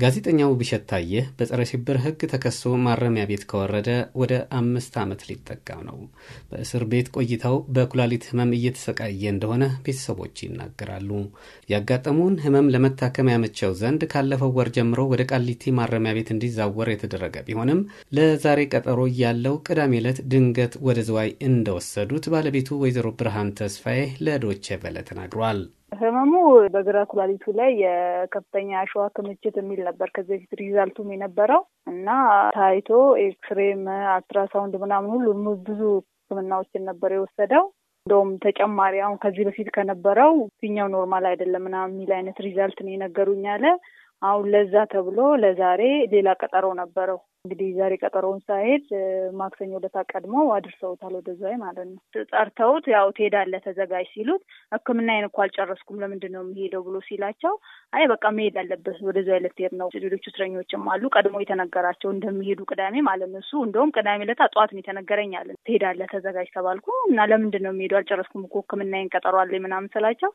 ጋዜጠኛው ውብሸት ታየህ በጸረ ሽብር ሕግ ተከሶ ማረሚያ ቤት ከወረደ ወደ አምስት ዓመት ሊጠጋው ነው። በእስር ቤት ቆይታው በኩላሊት ሕመም እየተሰቃየ እንደሆነ ቤተሰቦች ይናገራሉ። ያጋጠመውን ሕመም ለመታከም ያመቸው ዘንድ ካለፈው ወር ጀምሮ ወደ ቃሊቲ ማረሚያ ቤት እንዲዛወር የተደረገ ቢሆንም ለዛሬ ቀጠሮ ያለው ቅዳሜ ዕለት ድንገት ወደ ዝዋይ እንደወሰዱት ባለቤቱ ወይዘሮ ብርሃን ተስፋዬ ለዶቼ ቬለ ተናግሯል። ህመሙ በግራ ኩላሊቱ ላይ የከፍተኛ አሸዋ ክምችት የሚል ነበር ከዚህ በፊት ሪዛልቱም የነበረው እና ታይቶ ኤክስሬም፣ አልትራሳውንድ ምናምን ሁሉ ብዙ ህክምናዎችን ነበር የወሰደው። እንደውም ተጨማሪ አሁን ከዚህ በፊት ከነበረው ፊኛው ኖርማል አይደለም ምናምን የሚል አይነት ሪዛልት ነው የነገሩኝ አለ። አሁን ለዛ ተብሎ ለዛሬ ሌላ ቀጠሮ ነበረው እንግዲህ ዛሬ ቀጠሮውን ሳይሄድ ማክሰኞ ለታ ቀድሞ አድርሰውታል ወደዛ ማለት ነው። ጠርተውት ያው ትሄዳለህ ተዘጋጅ ሲሉት ሕክምናዬን እኮ አልጨረስኩም ለምንድን ነው የሚሄደው ብሎ ሲላቸው አይ በቃ መሄድ አለበት ወደዛ ልትሄድ ነው። ሌሎቹ እስረኞችም አሉ ቀድሞ የተነገራቸው እንደሚሄዱ ቅዳሜ ማለት ነው። እሱ እንደውም ቅዳሜ ለታ ጠዋት ነው የተነገረኝ አለ። ትሄዳለህ ተዘጋጅ ተባልኩ እና ለምንድን ነው የምሄደው አልጨረስኩም እኮ ሕክምናዬን ቀጠሮ አለኝ ምናምን ስላቸው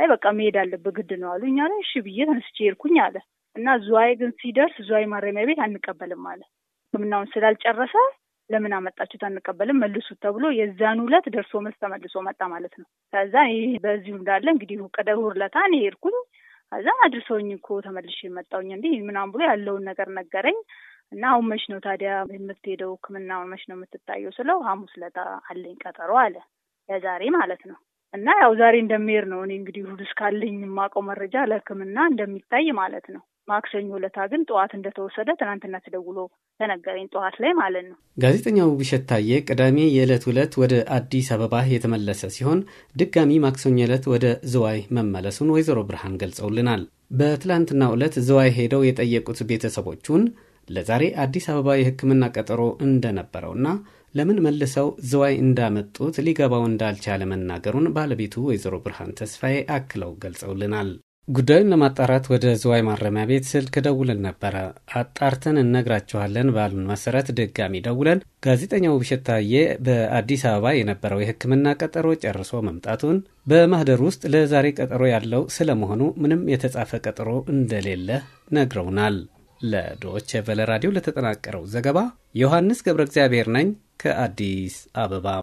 አይ በቃ መሄድ አለበት ግድ ነው አሉ። እኛ እሺ ብዬ ተነስቼ ሄድኩኝ አለ እና ዝዋይ ግን ሲደርስ ዝዋይ ማረሚያ ቤት አንቀበልም አለ። ህክምናውን ስላልጨረሰ ለምን አመጣችሁት አንቀበልም መልሱት ተብሎ የዛን ውለት ደርሶ መልስ ተመልሶ መጣ ማለት ነው። ከዛ ይህ በዚሁ እንዳለ እንግዲህ ቅደው ሁለታ ሄድኩኝ። ከዛ አድርሰውኝ እኮ ተመልሼ መጣሁኝ እንዲህ ምናምን ብሎ ያለውን ነገር ነገረኝ። እና አሁን መች ነው ታዲያ የምትሄደው ህክምናውን መች ነው የምትታየው ስለው ሐሙስ ለታ አለኝ ቀጠሮ አለ። ለዛሬ ማለት ነው። እና ያው ዛሬ እንደሚሄድ ነው። እኔ እንግዲህ ሁሉ እስካለኝ የማውቀው መረጃ ለሕክምና እንደሚታይ ማለት ነው። ማክሰኞ ለታ ግን ጠዋት እንደተወሰደ ትናንትና ተደውሎ ተነገረኝ፣ ጠዋት ላይ ማለት ነው። ጋዜጠኛው ውብሸት ታዬ ቅዳሜ የዕለት ዕለት ወደ አዲስ አበባ የተመለሰ ሲሆን ድጋሚ ማክሰኞ ዕለት ወደ ዝዋይ መመለሱን ወይዘሮ ብርሃን ገልጸውልናል። በትላንትናው ዕለት ዝዋይ ሄደው የጠየቁት ቤተሰቦቹን ለዛሬ አዲስ አበባ የሕክምና ቀጠሮ እንደነበረውና ለምን መልሰው ዝዋይ እንዳመጡት ሊገባው እንዳልቻለ መናገሩን ባለቤቱ ወይዘሮ ብርሃን ተስፋዬ አክለው ገልጸውልናል። ጉዳዩን ለማጣራት ወደ ዝዋይ ማረሚያ ቤት ስልክ ደውለን ነበረ። አጣርተን እነግራችኋለን ባሉን መሰረት ድጋሚ ደውለን ጋዜጠኛው ብሸት በአዲስ አበባ የነበረው የህክምና ቀጠሮ ጨርሶ መምጣቱን በማህደር ውስጥ ለዛሬ ቀጠሮ ያለው ስለመሆኑ ምንም የተጻፈ ቀጠሮ እንደሌለ ነግረውናል። ለዶች ራዲዮ ለተጠናቀረው ዘገባ ዮሐንስ ገብረ እግዚአብሔር ነኝ ከአዲስ አበባ